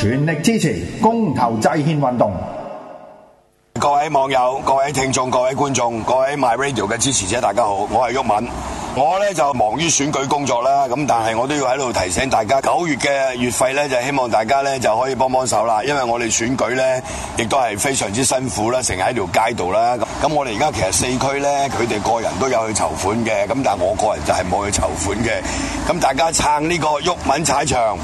全力支持公投制憲運動！各位網友、各位聽眾、各位觀眾、各位 My Radio 嘅支持者，大家好，我係毓民。我呢就忙於選舉工作啦，咁但係我都要喺度提醒大家，九月嘅月費呢，就希望大家呢就可以幫幫手啦，因為我哋選舉呢，亦都係非常之辛苦啦，成日喺條街度啦。咁我哋而家其實四區呢，佢哋個人都有去籌款嘅，咁但係我個人就係冇去籌款嘅。咁大家撐呢個毓民踩場。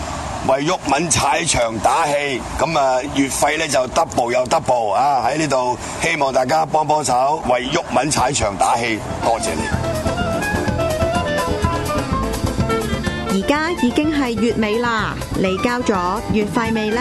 為毓民踩場打氣，咁啊月費咧就 double 又 double 啊！喺呢度希望大家幫幫手，為毓民踩場打氣，多謝你。而家已經係月尾啦，你交咗月費未呢？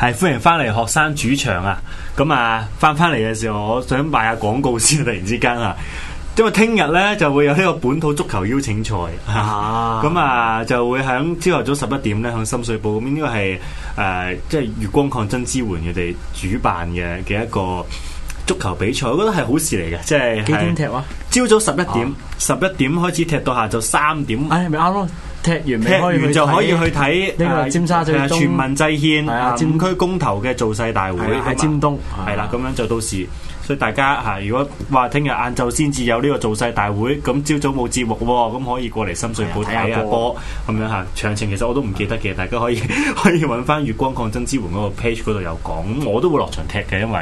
係歡迎翻嚟學生主場啊！咁啊，翻翻嚟嘅時候，我想賣下廣告先，突然之間啊，因為聽日咧就會有呢個本土足球邀請賽咁啊，啊，就會響朝頭早十一點咧，響深水埗邊呢個係誒，即係、呃就是、月光抗真支援佢哋主辦嘅嘅一個足球比賽，我覺得係好事嚟嘅，即、就、係、是、幾點踢啊？朝早十一點，十一、啊、點開始踢到下晝三點，哎咪啱咯。踢完踢完就可以去睇呢個尖沙咀、啊、全民制憲，戰區、嗯、公投嘅造勢大會喺、啊、尖東，係啦咁樣就到時，所以大家吓、啊、如果話聽日晏晝先至有呢個造勢大會，咁朝早冇節目，咁可以過嚟深水埗睇下波，咁、啊、哥樣吓詳情其實我都唔記得嘅，啊、大家可以可以揾翻月光抗爭之門嗰、那個 page 嗰度有講，咁我都會落場踢嘅，因為。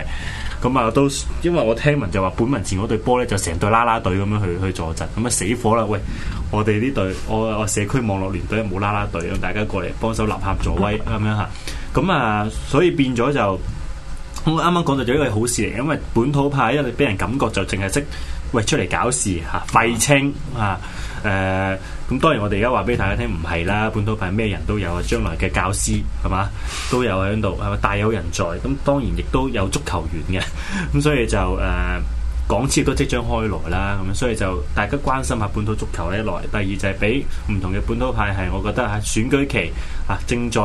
咁啊，都因為我聽聞就話，本文前嗰隊波咧，就成隊啦啦隊咁樣去去助陣，咁啊死火啦！喂，我哋呢隊，我我社區網絡聯隊冇啦啦隊，咁大家過嚟幫手立下助威咁、嗯、樣吓。咁啊，所以變咗就我啱啱講到咗一個好事嚟，因為本土派一嚟俾人感覺就淨係識喂出嚟搞事嚇廢青啊！嗯嗯誒，咁、呃、當然我哋而家話俾大家聽，唔係啦，本土派咩人都有啊，將來嘅教師係嘛都有喺度，係嘛大有人在。咁當然亦都有足球員嘅，咁、 嗯、所以就誒、呃、港超都即將開鑼啦。咁所以就大家關心下本土足球咧來。第二就係俾唔同嘅本土派系，我覺得喺選舉期啊正在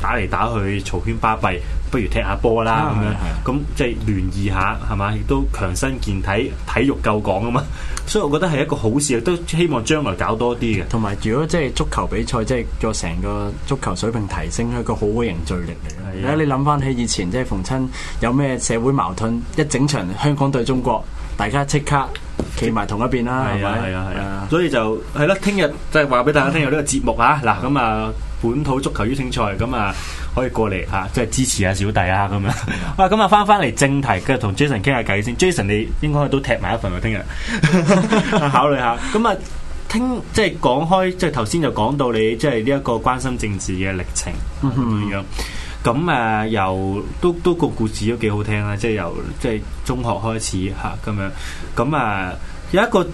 打嚟打去，嘈喧巴閉。不如踢下波啦咁樣，咁即係聯誼下係嘛，亦都強身健體，體育救港啊嘛。所以我覺得係一個好事，都希望將來搞多啲嘅。同埋，如果即係足球比賽，即係做成個足球水平提升，係一個好嘅凝聚力嚟。係啊，你諗翻起以前，即係逢親有咩社會矛盾，一整場香港對中國，大家即刻企埋同一邊啦，係咪？係啊，係啊。所以就係啦，聽日即係話俾大家聽，有呢個節目啊。嗱，咁啊。本土足球於青賽咁啊，可以過嚟嚇、啊，即係支持下小弟啊咁樣。哇，咁啊翻翻嚟正題，跟住同 Jason 傾下偈先。Jason，你應該都踢埋一份㗎，聽日 考慮下。咁啊，聽即係講開，即係頭先就講到你即係呢一個關心政治嘅歷程咁樣。咁誒、啊，由都都個故事都幾好聽啦，即係由即係中學開始嚇咁樣。咁啊，有一個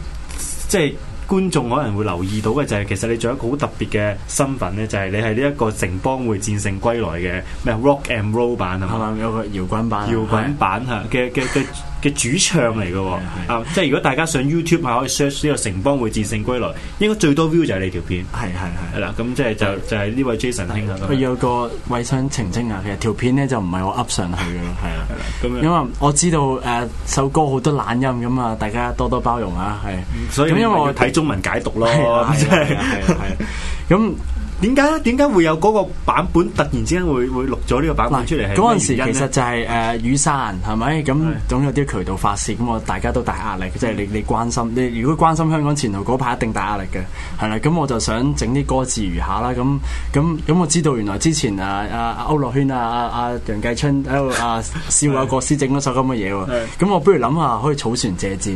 即係。觀眾可能會留意到嘅就係、是、其實你仲有一個好特別嘅身份咧，就係、是、你係呢一個城邦會戰勝歸來嘅咩 rock and roll 版，係嘛，有個搖滾版，搖滾版嚇嘅嘅嘅。嘅主唱嚟嘅喎，即係如果大家上 YouTube 係可以 search 呢個《城邦會戰勝歸來》，應該最多 view 就係你條片，係係係啦，咁即係就就係呢位 Jason 兄啦。我有個衞生澄清下，其實條片咧就唔係我 upload 上去嘅，係啦，因為我知道誒首歌好多懶音咁啊，大家多多包容啊，係。咁因為我睇中文解讀咯，係啊係啊係啊咁。點解咧？點解會有嗰個版本突然之間會會錄咗呢個版本出嚟？嗰陣時其實就係、是、誒、uh, 雨傘係咪？咁總有啲渠道發泄，咁我大家都大壓力，即、就、係、是、你你關心你。如果關心香港前途嗰排，一,一定大壓力嘅係啦。咁我就想整啲歌字餘下啦。咁咁咁，我知道原來之前啊啊歐樂軒啊啊楊繼春喺度啊，啊笑下國師整咗首咁嘅嘢喎。咁 是的 我不如諗下可以草船借箭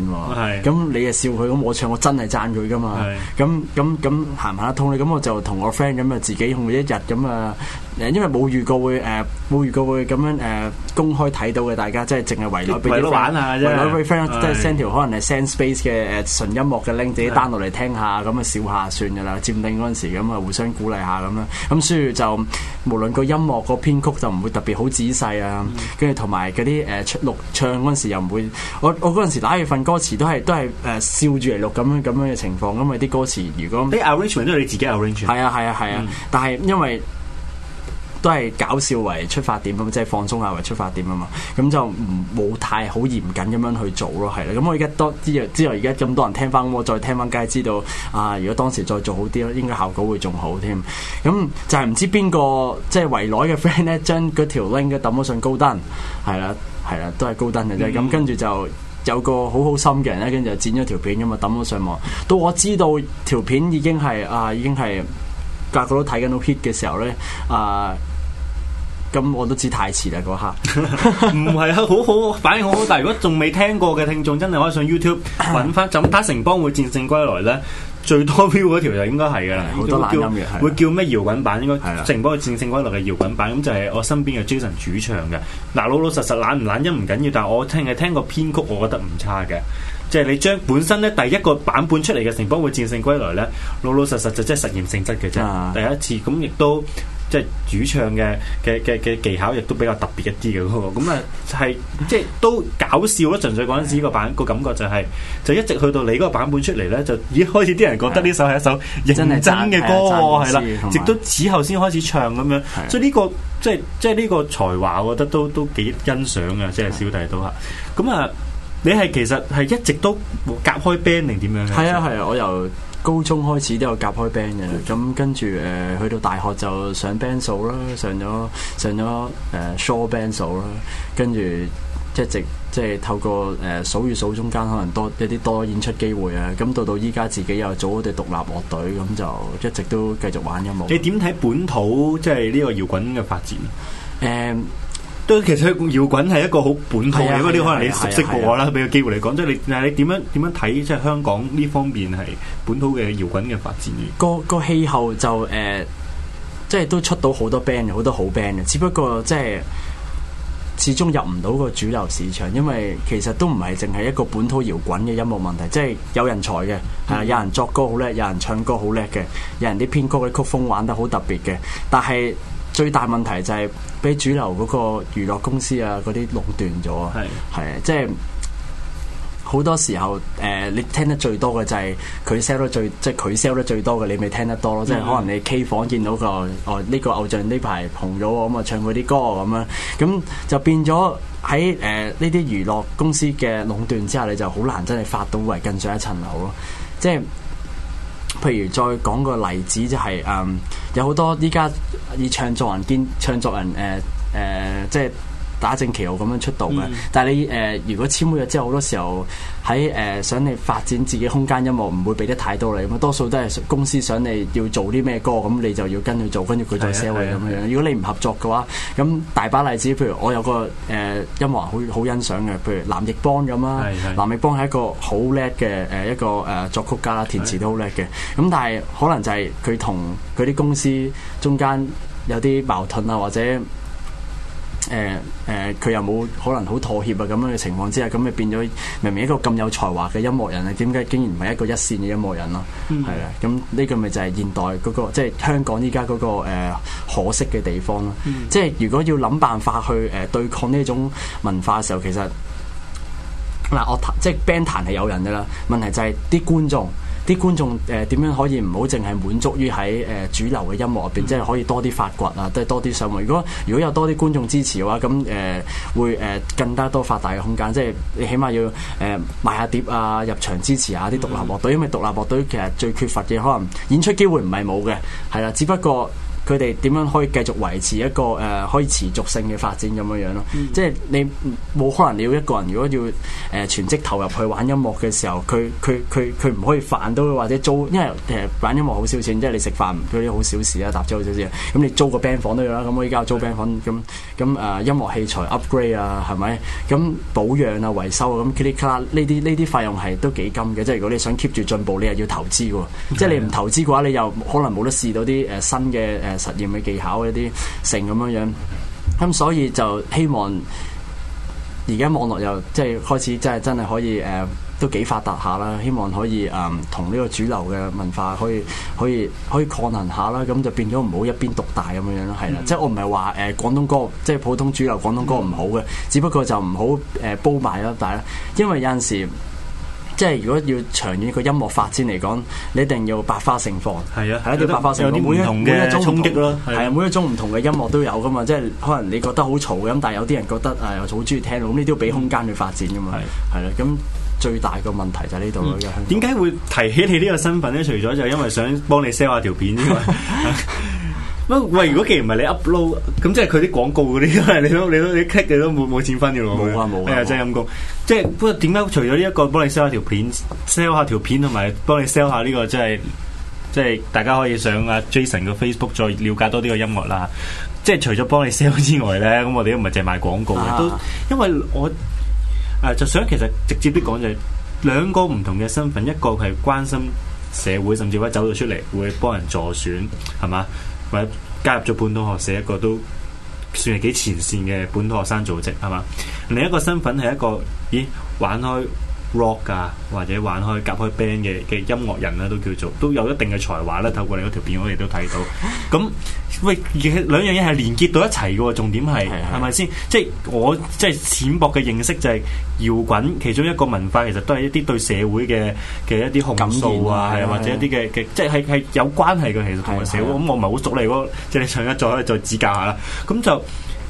咁你又笑佢，咁我唱我真係贊佢噶嘛。咁咁咁行唔行得通咁我就同我 friend。咁啊，自己用一日咁啊。因為冇遇過會誒，冇遇過會咁樣誒，公開睇到嘅，大家即係淨係圍到俾玩啊，即係圍到俾 friend，即係 send 條可能係 send space 嘅誒純音樂嘅 link，自己 down 落嚟聽下，咁啊笑下算噶啦，占定嗰陣時咁啊互相鼓勵下咁啦，咁所以就無論個音樂個編曲就唔會特別好仔細啊，跟住同埋嗰啲誒出錄唱嗰陣時又唔會，我我嗰陣時打月份歌詞都係都係誒笑住嚟錄咁樣咁樣嘅情況，因為啲歌詞如果你 arrangement 都係你自己 arrangement，係啊係啊係啊，但係因為。都係搞笑為出發點啊嘛，即係放鬆下為出發點啊嘛，咁就冇太好嚴謹咁樣去做咯，係啦。咁我而家多之之，而家咁多人聽翻，我再聽翻梗係知道啊！如果當時再做好啲咯，應該效果會仲好添。咁就係唔知邊個即係、就是、圍內嘅 friend 咧，將嗰條 link 嘅抌咗上高登，係啦係啦，都係高登嘅啫。咁、mm hmm. 跟住就有個好好心嘅人咧，跟住就剪咗條片咁啊抌咗上網。到我知道條片已經係啊，已經係。個個都睇緊到 hit 嘅時候咧，啊，咁我都知太遲啦嗰刻。唔係 啊，好好反應好好，但係如果仲未聽過嘅聽眾，真係可以上 YouTube 揾翻。咁打城邦會戰勝歸來咧，最多 view 嗰條就應該係噶啦。好多懶音嘅係，會叫咩、啊、搖滾版應該係城邦會戰勝歸來嘅搖滾版，咁、啊、就係我身邊嘅 Jason 主唱嘅。嗱，老老實實懶唔懶音唔緊要，但係我聽係聽過編曲，我覺得唔差嘅。即係你將本身咧第一個版本出嚟嘅《城邦會戰勝歸來》咧，老老實實就即係實驗性質嘅啫。第一次咁亦都即係主唱嘅嘅嘅嘅技巧亦都比較特別一啲嘅嗰個，咁啊係即係都搞笑咯。純粹嗰陣時個版個 感覺就係就一直去到你嗰個版本出嚟咧，就已經開始啲人覺得呢首係一首認真嘅歌係啦對了，直到此後先開始唱咁樣。是的 所以呢個即係即係呢個才華，我覺得都都幾欣賞嘅，即係對 小弟都吓咁啊。你係其實係一直都冇夾開 band 定點樣咧？係啊係啊，我由高中開始都有夾開 band 嘅，咁中跟住誒、呃、去到大學就上 band 數啦，上咗上咗誒、呃、show band 數啦，跟住一直即係透過誒、呃、數與數中間可能多一啲多演出機會啊，咁到到依家自己又組咗隊獨立樂隊，咁就一直都繼續玩音樂。你點睇本土即係呢個搖滾嘅發展？誒、呃。都其實搖滾係一個好本土嘅， 因為可能你熟悉過我啦，俾個 機會你講，即係你，你點樣點樣睇即係香港呢方面係本土嘅搖滾嘅發展？個個氣候就誒、呃，即係都出到好多 band，好多好 band 嘅，只不過即係始終入唔到個主流市場，因為其實都唔係淨係一個本土搖滾嘅音樂問題，即係有人才嘅，係啊，有人作歌好叻，有人唱歌好叻嘅，有人啲編曲啲曲風玩得好特別嘅，但係。最大問題就係俾主流嗰個娛樂公司啊嗰啲壟斷咗，係係是即係好多時候誒、呃，你聽得最多嘅就係佢 sell 得最即係佢 sell 得最多嘅，你咪聽得多咯。嗯嗯即係可能你 K 房見到個哦呢、這個偶像呢排紅咗，咁、嗯、啊唱嗰啲歌咁樣，咁、嗯、就變咗喺誒呢啲娛樂公司嘅壟斷之下，你就好難真係發到圍更上一層樓咯，即係。譬如再講個例子，就係、是、誒、嗯、有好多依家以唱作人兼唱作人誒誒、呃呃、即係。打正旗號咁樣出道嘅，嗯、但係你誒、呃，如果簽咗約之後，好多時候喺誒、呃、想你發展自己空間音樂，唔會俾得太多你咁，多數都係公司想你要做啲咩歌，咁你就要跟佢做，跟住佢再 sell 佢咁樣。如果你唔合作嘅話，咁大把例子，譬如我有個誒、呃、音樂人好好欣賞嘅，譬如藍奕邦咁啦，藍奕邦係一個好叻嘅誒一個誒、呃、作曲家，填詞都好叻嘅。咁的但係可能就係佢同佢啲公司中間有啲矛盾啊，或者。誒誒，佢、呃呃、又冇可能好妥協啊！咁樣嘅情況之下，咁咪變咗明明一個咁有才華嘅音樂人啊，點解竟然唔係一個一線嘅音樂人咯？係啦、mm，咁、hmm. 呢個咪就係現代嗰、那個即係、就是、香港依家嗰個、呃、可惜嘅地方咯。Mm hmm. 即係如果要諗辦法去誒、呃、對抗呢種文化嘅時候，其實嗱，樂、呃、即係 band 壇係有人嘅啦，問題就係啲觀眾。啲觀眾誒點樣可以唔好淨係滿足於喺誒主流嘅音樂入邊，嗯、即係可以多啲發掘啊，都係多啲上門。如果如果有多啲觀眾支持嘅話，咁誒、呃、會誒、呃、更加多發大嘅空間。即係你起碼要誒、呃、買下碟啊，入場支持下啲獨立樂隊，嗯、因為獨立樂隊其實最缺乏嘅可能演出機會唔係冇嘅，係啦，只不過。佢哋點樣可以繼續維持一個誒，可以持續性嘅發展咁樣樣咯？即係你冇可能你要一個人如果要誒全職投入去玩音樂嘅時候，佢佢佢佢唔可以煩到或者租，因為誒玩音樂好少錢，即係你食飯嗰啲好少事啦，搭車好少事。咁你租個 band 房都有啦。咁我依家租 band 房咁咁誒音樂器材 upgrade 啊，係咪？咁保養啊、維修啊，咁 click 啦，呢啲呢啲費用係都幾金嘅。即係如果你想 keep 住進步，你又要投資喎。即係你唔投資嘅話，你又可能冇得試到啲誒新嘅誒。實驗嘅技巧一啲成咁樣樣，咁、嗯、所以就希望而家網絡又即係開始，即係真係可以誒、呃，都幾發達下啦。希望可以誒、呃，同呢個主流嘅文化可以可以可以抗衡下啦。咁就變咗唔好一邊獨大咁樣樣咯。係啦，mm hmm. 即係我唔係話誒廣東歌，即係普通主流廣東歌唔好嘅，mm hmm. 只不過就唔好誒煲埋一但啦。但係因為有陣時。即係如果要長遠個音樂發展嚟講，你一定要百花盛放。係啊，係一定百花盛放，有啲唔同嘅衝擊咯。係啊，每一種唔同嘅音樂都有噶嘛。即係可能你覺得好嘈咁，但係有啲人覺得啊，我好中意聽咯。咁呢啲都要俾空間去發展噶嘛。係。係啦。咁最大個問題就係呢度咯。點解會提起你呢個身份咧？除咗就因為想幫你 sell 下條片之外，喂，如果既然唔係你 upload，咁即係佢啲廣告嗰啲，你都你都你 kick 你都冇冇錢分嘅咯。冇啊冇啊。係啊，真陰即係不過點解除咗呢一,一,一，幫一、這個幫你 sell 下條片，sell 下條片同埋幫你 sell 下呢個即係即係大家可以上阿 Jason 個 Facebook 再了解多啲個音樂啦。即係除咗幫你 sell 之外咧，咁我哋都唔係淨賣廣告嘅，都因為我誒、呃、就想其實直接啲講就係、是、兩個唔同嘅身份，一個係關心社會，甚至乎走咗出嚟會幫人助選，係嘛，或者加入咗本土學社，一個都。算係幾前線嘅本土學生組織係嘛？另一個身份係一個，咦玩開。rock 啊，或者玩開夾開 band 嘅嘅音樂人咧，都叫做都有一定嘅才華咧。透過你嗰條片，我哋都睇到。咁喂，兩樣嘢係連結到一齊㗎喎。重點係係咪先？即係我即係淺薄嘅認識就係搖滾其中一個文化，其實都係一啲對社會嘅嘅一啲控訴啊，係或者一啲嘅嘅，即係係係有關係嘅。其實同埋社會。咁我唔係好熟你嗰，即係你唱一再可以再指教下啦。咁就。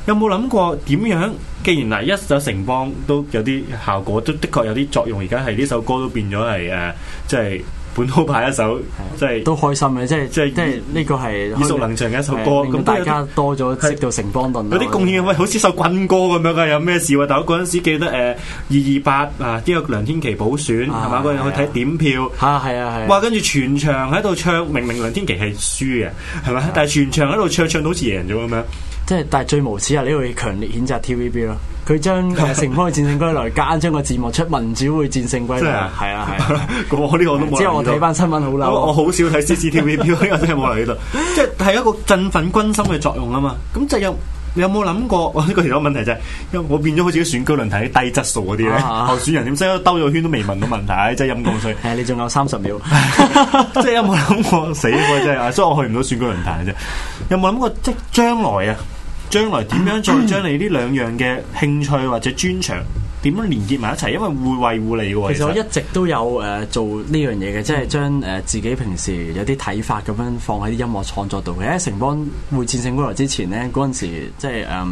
有冇諗過點樣？既然嗱一首《城邦》都有啲效果，都的確有啲作用。而家係呢首歌都變咗係誒，即係本土派一首，即係都開心嘅，即係即係即係呢個係耳熟能詳嘅一首歌。咁大家多咗識到《城邦》。有啲貢獻啊！喂，好似首軍歌咁樣噶，有咩事。但我嗰陣時記得誒，二二八啊，呢個梁天琦補選係嘛？嗰日去睇點票吓，係啊係。哇！跟住全場喺度唱，明明梁天琦係輸嘅，係咪？但係全場喺度唱，唱到好似贏咗咁樣。即係，但係最無恥啊！你會強烈譴責 TVB 咯，佢將城邦嘅戰勝歸來，加啱將個字幕出民主會戰勝歸來，係 是啊係。咁、 啊、 我呢個都冇。之後我睇翻新聞好嬲。我好我 少睇 CCTVB 咯，因為真係冇嚟呢度。 即係係一個振奮軍心嘅作用啊嘛。咁、嗯、就有，你有冇諗過？呢個其實個問題就係，因為我變咗好似啲選舉論壇啲低質素嗰啲咧，候選人點識？兜咗圈都未問到問題，即係陰功衰。誒，你仲有三十秒，即係有冇諗過死鬼真係？所以我去唔到選舉論壇嘅啫。有冇諗過即係將來啊？ 將來點樣再將你呢兩樣嘅興趣或者專長點樣連結埋一齊？因為會維護你嘅。其實我一直都有誒、呃、做呢樣嘢嘅，即係將誒自己平時有啲睇法咁樣放喺啲音樂創作度嘅。喺城邦會戰勝歸來之前呢，嗰陣時即係誒。呃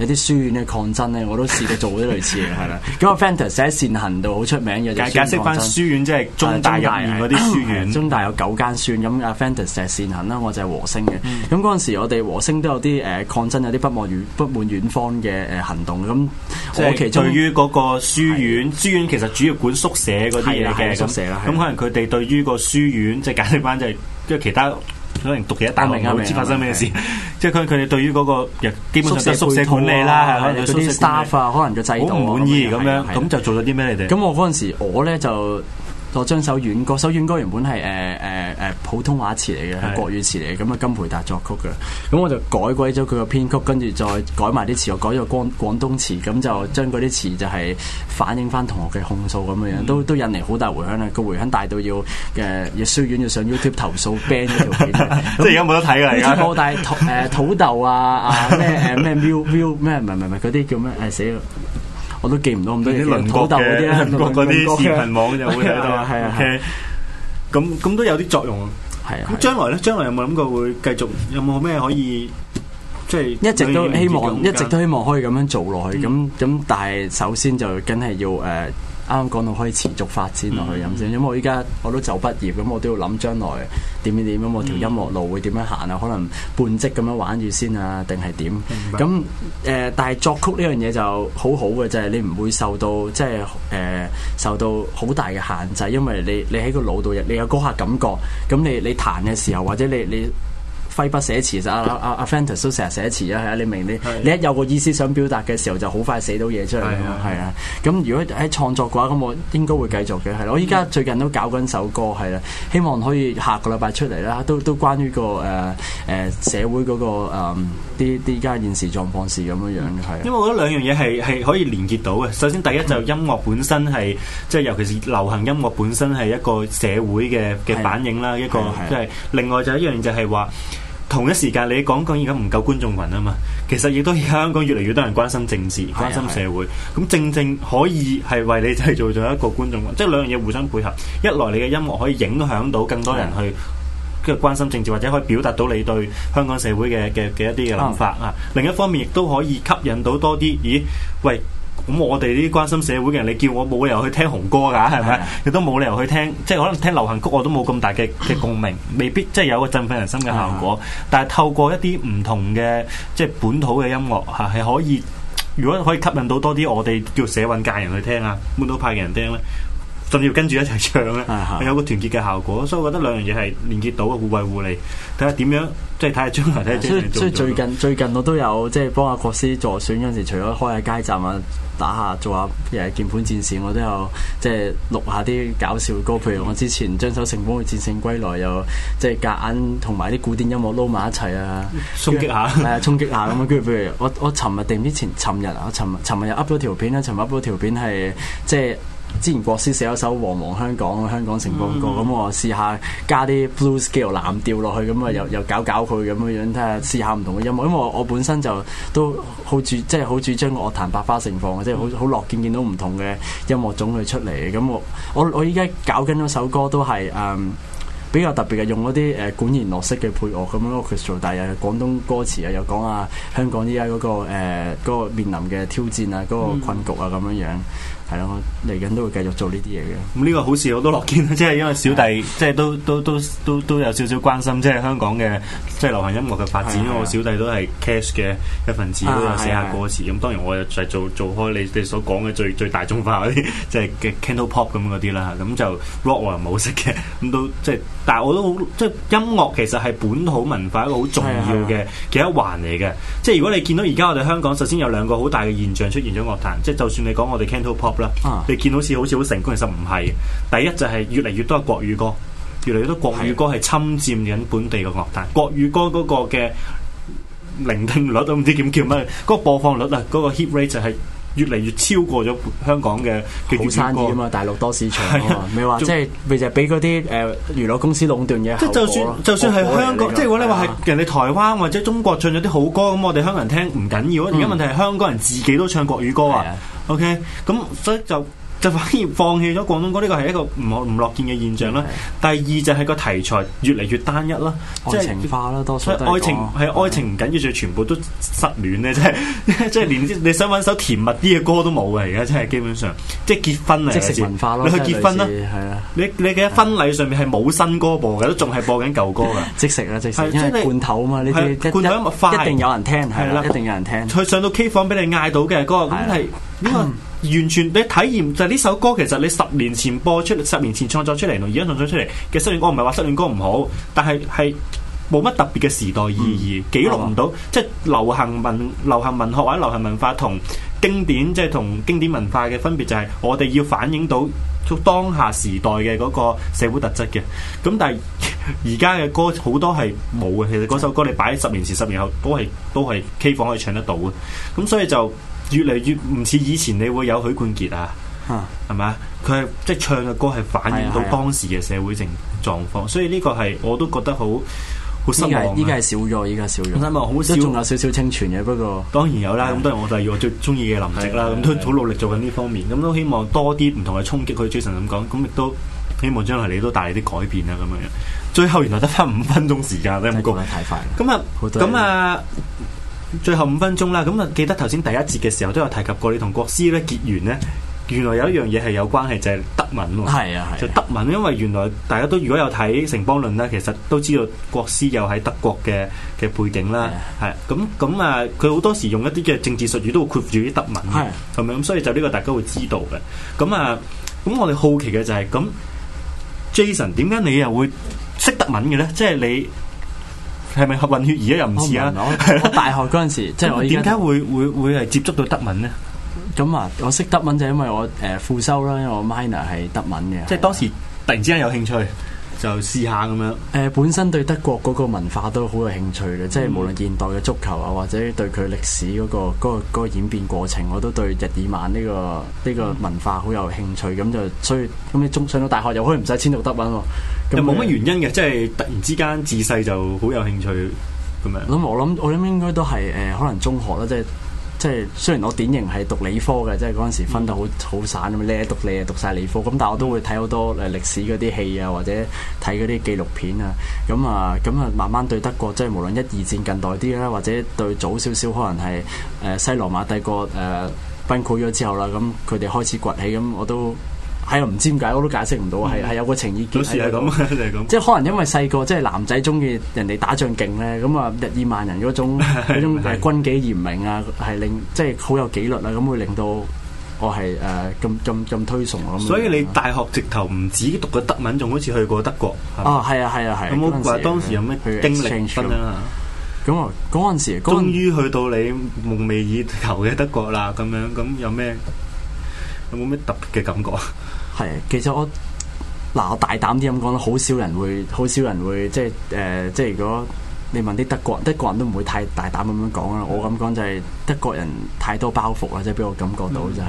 有啲書院嘅抗爭咧，我都試過做啲類似嘅，係啦。咁阿 Fanta 寫善衡度好出名嘅，解釋翻書院即係中大入面嗰啲書院，中大有九間書院咁。阿 Fanta 寫善衡啦，我就係和聲嘅。咁嗰陣時，我哋和聲都有啲誒抗爭，有啲不滿遠不滿遠方嘅誒行動。咁即係對於嗰個書院，書院其實主要管宿舍嗰啲嘢嘅。宿舍啦咁可能佢哋對於個書院，即係解釋翻即係即係其他。可能讀幾多單明啊？未知發生咩事，即係佢佢哋對於嗰個，基本上宿舍宿舍管理啦，係啦，嗰啲 staff 啊，可能嘅制度，好唔滿意咁樣，咁就做咗啲咩你哋？咁我嗰陣時，我咧就。我將首軟歌，首軟歌原本係誒誒誒普通話詞嚟嘅，國語詞嚟嘅，咁啊金培達作曲嘅，咁我就改鬼咗佢個編曲，跟住再改埋啲詞，我改咗廣廣東詞，咁就將嗰啲詞就係反映翻同學嘅控訴咁嘅樣，都都引嚟好大迴響啊！個迴響大到要誒葉舒苑要上 YouTube 投訴 ban 呢條片，即係而家冇得睇㗎而家。但係土誒土豆啊咩咩咩 view view 咩唔係唔係嗰啲叫咩誒死啦！我都記唔到咁多啲輪播嘅，輪播嗰啲視頻網就會睇到啊，係啊係。咁咁都有啲作用。係、嗯、啊。將來咧，將來有冇諗過會繼續？有冇咩可以？即係一直都希望，一直都希望可以咁樣做落去。咁 咁、嗯，但係首先就梗係要誒。嗯嗯嗯嗯啱啱講到可以持續發展落去咁先、mm hmm. 嗯，因為我依家我都就畢業，咁我都要諗將來點點點，咁我條音樂路會點樣行啊？可能半職咁樣玩住先啊，定係點？咁誒、mm hmm. 嗯，但係作曲呢樣嘢就好好嘅，就係、是、你唔會受到即係誒受到好大嘅限制，因為你你喺個腦度你有嗰下感覺，咁你你彈嘅時候或者你你。揮筆寫詞，就實阿阿 f a n t a 都成日寫詞啊，係啊，你明啲？你一有個意思想表達嘅時候，就好快寫到嘢出嚟咯，啊。咁如果喺創作嘅話，咁我應該會繼續嘅，係咯。我依家最近都搞緊首歌，係啦，希望可以下個禮拜出嚟啦。都都關於個誒誒社會嗰個啲啲家現時狀況事咁樣樣嘅，因為我覺得兩樣嘢係係可以連結到嘅。首先第一就音樂本身係即係，尤其是流行音樂本身係一個社會嘅嘅反映啦，一個即係另外就一樣就係話。同一時間，你講講而家唔夠觀眾群啊嘛，其實亦都香港越嚟越多人關心政治、關心社會，咁是正正可以係為你製造咗一個觀眾群，即係兩樣嘢互相配合。一來你嘅音樂可以影響到更多人去即係關心政治，或者可以表達到你對香港社會嘅嘅嘅一啲嘅諗法啊。嗯、另一方面亦都可以吸引到多啲，咦？喂！咁我哋呢啲關心社會嘅人，你叫我冇理由去聽紅歌㗎，係咪？亦吧都冇理由去聽，即係可能聽流行曲我都冇咁大嘅嘅共鳴，未必即係有個振奮人心嘅效果。吧但係透過一啲唔同嘅即係本土嘅音樂嚇，係可以，如果可以吸引到多啲我哋叫社運界人去聽啊，本土派嘅人聽咧。仲要跟住一齊唱咧，有個團結嘅效果，所以我覺得兩樣嘢係連結到互惠互利。睇下點樣，即係睇下將來睇下點樣。所以最近最近我都有即係幫阿國師助選嗰陣時，除咗開下街站啊，打下做下誒鍵盤戰士，我都有即係錄下啲搞笑歌，譬如我之前將首《成功嘅戰勝歸來》又即係夾硬同埋啲古典音樂撈埋一齊啊，衝擊下，係啊衝擊下咁啊。跟住譬如我我尋日定唔之前尋日啊，我尋日尋日又 Up 咗條片啊。尋日 Up 咗條片係即係。之前國師寫咗首《黃黃香港》，香港情放過，咁、mm hmm. 嗯、我試下加啲 blue scale 藍調落去，咁啊又又搞搞佢咁樣樣，睇下試下唔同嘅音樂，因為我本身就都好主，即係好主張個樂壇百花盛放、mm hmm. 即係好好樂見見到唔同嘅音樂種類出嚟嘅。咁我我我依家搞緊嗰首歌都係誒、嗯、比較特別嘅，用嗰啲誒管弦樂式嘅配樂咁樣 orchestra，但係又廣東歌詞啊，又講啊香港依家嗰個誒嗰個面臨嘅挑戰啊，嗰、那個困局啊咁樣樣。Mm hmm. 係咯，嚟緊都會繼續做呢啲嘢嘅。咁呢、嗯呢個好事我都樂見，即係對 因為小弟對 即係都都都都都有少少關心，即係香港嘅即係流行音樂嘅發展。因對我小弟都係 cash 嘅一份子，對對對都有寫下歌詞。咁當然我又就係做做，做開你哋所講嘅最最大眾化嗰啲，即係嘅 Cantopop 咁嗰啲啦。咁就 rock 我又冇識嘅，咁都即係，但我都好即係音樂其實係本土文化一個好重要嘅幾對一環嚟嘅。即係如果你見到而家我哋香港首先有兩個好大嘅現象出現咗樂壇，即係就算你講我哋 Cantopop 啦，啊、你見到好似好似好成功，其實唔係。第一就係越嚟越，越，越多國語歌侵本地，越嚟越多國語歌係侵佔緊本地嘅樂壇。國語歌嗰個嘅聆聽率都唔知點叫乜，嗰、嗰個播放率啊，嗰、嗰個 hit rate 就係、係。越嚟越超過咗香港嘅好生意啊嘛，歌大陸多市場啊嘛，咪話說就即係其實俾嗰啲誒娛樂公司壟斷嘅，即就算就算係香港，即係如果你話係人哋台灣或者中國唱咗啲好歌，咁，我哋香港人聽唔緊要啊！而家、嗯、問題係香港人自己都唱國語歌是啊，OK，咁所以就。就反而放棄咗廣東歌，呢個係一個唔唔樂見嘅現象啦。第二就係個題材越嚟越單一啦，愛情化啦，多數都係愛情。係愛情唔緊要，就全部都失戀咧，即係即係連你想揾首甜蜜啲嘅歌都冇嘅，而家真係基本上即係結婚嚟。即食文化咯，你去結婚啦，係啊！你你嘅婚禮上面係冇新歌播嘅，都仲係播緊舊歌㗎。即食啊！即食係罐頭啊嘛！你罐頭一定有人聽係啦，一定有人聽。佢上到 K 房俾你嗌到嘅歌，咁係呢個。完全你體驗就係、是、呢首歌，其實你十年前播出、十年前創作出嚟，同而家創作出嚟嘅失戀歌，唔係話失戀歌唔好，但係係冇乜特別嘅時代意義，嗯、記錄唔到，即係、嗯、流行文、流行文學或者流行文化同經典，即係同經典文化嘅分別就係，我哋要反映到當下時代嘅嗰個社會特質嘅。咁但係而家嘅歌好多係冇嘅，其實嗰首歌你擺喺十年前、嗯、十年後都係都係 K 房可以唱得到嘅。咁所以就。越嚟越唔似以前，你會有許冠傑啊，係咪啊？佢係即係唱嘅歌係反映到當時嘅社會情狀況，所以呢個係我都覺得好好失望。依家依家係少咗，依家少咗。我睇咪好少，仲有少少清泉嘅，不過當然有啦。咁當然我就要我最中意嘅林夕啦。咁都好努力做緊呢方面，咁都希望多啲唔同嘅衝擊去追神咁講，咁亦都希望將來你都帶嚟啲改變啊咁樣。最後原來得翻五分鐘時間咧，唔夠。咁啊，咁啊。最後五分鐘啦，咁啊記得頭先第一節嘅時候都有提及過，你同國師咧結緣呢，原來有一樣嘢係有關係就係、是、德文喎。係啊係的。就德文，的因為原來大家都如果有睇《城邦論》呢，其實都知道國師又喺德國嘅嘅背景啦。係的。咁咁啊，佢好多時用一啲嘅政治術語都會括住啲德文。係的。咁樣咁，所以就呢個大家會知道嘅。咁啊，咁我哋好奇嘅就係、是、咁，Jason 點解你又會識德文嘅呢？即、就、係、是、你。係咪混血而家，又唔似人啦？我大學嗰陣時， 即係我點解會會會係接觸到德文呢？咁啊，我識德文就因為我誒、呃、副修啦，因為我 minor 係德文嘅。即係當時突然之間有興趣，就試下咁樣。誒、呃，本身對德國嗰個文化都好有興趣嘅，嗯、即係無論現代嘅足球啊，或者對佢歷史嗰、嗰個、嗰個、嗰個演變過程，我都對日耳曼呢個呢、嗯、個文化好有興趣。咁就所以咁你中上到大學又可以唔使簽讀德文喎。又冇乜原因嘅，即係突然之間自細就好有興趣咁樣。咁我諗，我諗應該都係誒、呃，可能中學啦，即係即係雖然我典型係讀理科嘅，即係嗰陣時分得好好、嗯、散咁樣，叻讀理啊，讀晒理科。咁但係我都會睇好多誒歷史嗰啲戲啊，或者睇嗰啲紀錄片啊。咁、嗯、啊，咁、嗯、啊、嗯，慢慢對德國，即係無論一、二戰近代啲啦，或者對早少少可能係誒、呃、西羅馬帝國誒、呃、崩潰咗之後啦，咁佢哋開始崛起咁，我都。係唔 知點解？我都解釋唔到。係係、嗯、有個情意結。好似咁，咁。即、就、係、是、可能因為細個即係男仔中意人哋打仗勁咧，咁啊，日耳曼人嗰種嗰種係軍紀嚴明啊，係令即係好有紀律啦。咁會令到我係誒咁咁咁推崇。所以你大學直頭唔止讀過德文，仲好似去過德國？啊，係啊，係啊，係、啊。有冇話當時有咩經歷咁啊？嗰陣時終於去到你夢寐以求嘅德國啦，咁樣咁有咩有冇咩特別嘅感覺？係，其實我嗱，我大膽啲咁講啦，好少人會，好少人會，即係誒、呃，即係如果。你問啲德國人，德國人都唔會太大膽咁樣講啦。的我咁講就係德國人太多包袱啦，即係俾我感覺到就係、是、誒、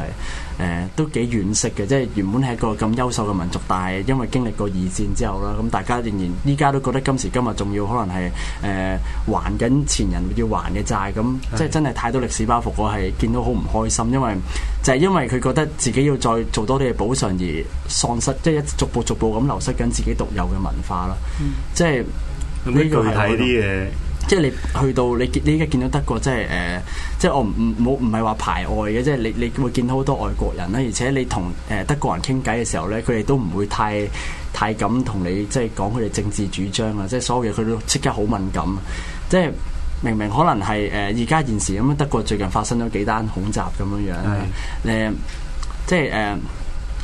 嗯呃、都幾惋惜嘅，即、就、係、是、原本係一個咁優秀嘅民族，但係因為經歷過二戰之後啦，咁大家仍然依家都覺得今時今日仲要可能係誒、呃、還緊前人要還嘅債，咁即係真係太多歷史包袱，我係見到好唔開心，因為就係、是、因為佢覺得自己要再做多啲嘢補償而喪失，即係一逐步逐步咁流失緊自己獨有嘅文化啦，即係、嗯。就是呢個具體啲嘢， 即係你去到你見你而家見到德國，即係誒、呃，即係我唔唔冇唔係話排外嘅，即係你你會見到好多外國人咧，而且你同誒德國人傾偈嘅時候咧，佢哋都唔會太太敢同你即係講佢哋政治主張啊，即係所有嘢佢都即刻好敏感，即係明明可能係誒而家現時咁啊，德國最近發生咗幾單恐襲咁樣樣，誒是的，即係誒、呃、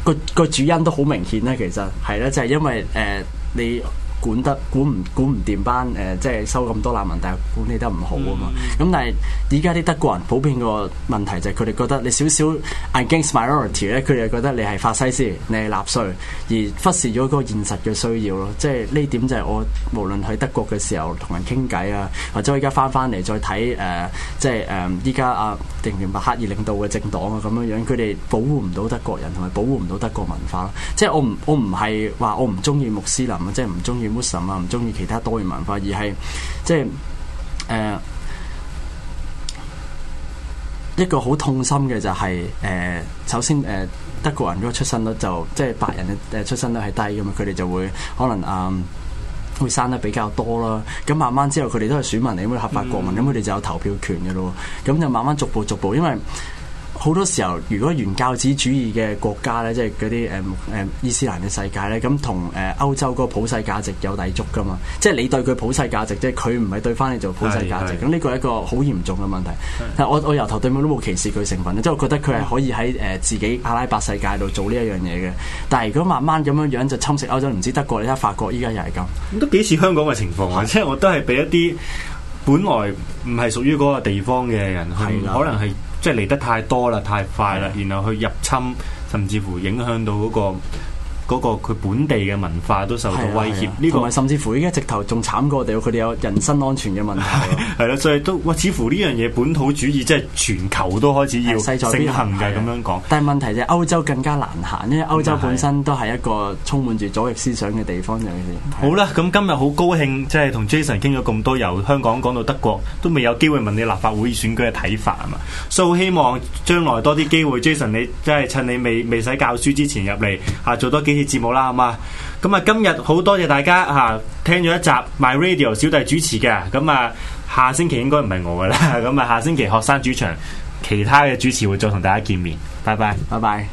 個個主因都好明顯啦，其實係啦，就係、是、因為誒、呃、你。管得管唔管唔掂班誒、呃、即係收咁多難民，但係管理得唔好啊嘛。咁但係依家，啲德國人普遍個問題就係佢哋覺得你少少 against minority 咧，佢哋覺得你係法西斯，你係納粹，而忽視咗個現實嘅需要咯。即係呢點就係我無論去德國嘅時候同人傾偈啊，或者我依家翻翻嚟再睇誒、呃、即係誒依家啊定明白聯合領導嘅政黨啊咁樣樣，佢哋保護唔到德國人同埋保護唔到德國文化咯。即係我唔我唔係話我唔中意穆斯林啊，即係唔中意。Muslim 啊，唔中意其他多元文化，而係即係誒、呃、一個好痛心嘅就係、是、誒、呃、首先誒、呃、德國人嗰個出生率就即係白人嘅出生率係低咁嘛，佢哋就會可能啊、呃、會生得比較多啦。咁慢慢之後佢哋都係選民嚟，咁佢合法國民，咁佢哋就有投票權嘅咯。咁就慢慢逐步逐步，因為。好多時候，如果原教旨主義嘅國家咧，即係嗰啲誒誒伊斯蘭嘅世界咧，咁同誒歐洲嗰個普世價值有抵觸噶嘛？即係你對佢普世價值，即係佢唔係對翻你做普世價值。咁呢是是 個係一個好嚴重嘅問題。是是但我我由頭對面都冇歧視佢成分，即係我覺得佢係可以喺誒、呃、自己阿拉伯世界度做呢一樣嘢嘅。但係如果慢慢咁樣樣就侵蝕歐洲，唔知德國你睇，法國依家又係咁。都幾似香港嘅情況啊！即係是我都係俾一啲本來唔係屬於嗰個地方嘅人，可能係的。的即係嚟得太多啦，太快啦，是的然後去入侵，甚至乎影響到嗰個。嗰個佢本地嘅文化都受到威脅，呢、啊這個而甚至乎依家直頭仲慘過我哋，佢哋有人身安全嘅問題。係啦，所以都哇，似乎呢樣嘢本土主義即係全球都開始要盛行嘅。咁樣講。但係問題就係歐洲更加難行，因為歐洲本身都係一個充滿住左翼思想嘅地方嚟嘅。就是嗯嗯嗯嗯、好啦，咁今日好高興即係同 Jason 傾咗咁多，由香港講到德國，都未有機會問你立法會選舉嘅睇法啊嘛，所以好希望將來多啲機會，Jason 你即係趁你未未使教書之前入嚟啊，做多幾？啲節目啦，好嘛？咁啊，今日好多謝大家嚇、啊、聽咗一集 My Radio 小弟主持嘅，咁啊下星期應該唔係我嘅啦，咁啊，啊下星期學生主場，其他嘅主持會再同大家見面，拜拜，拜拜。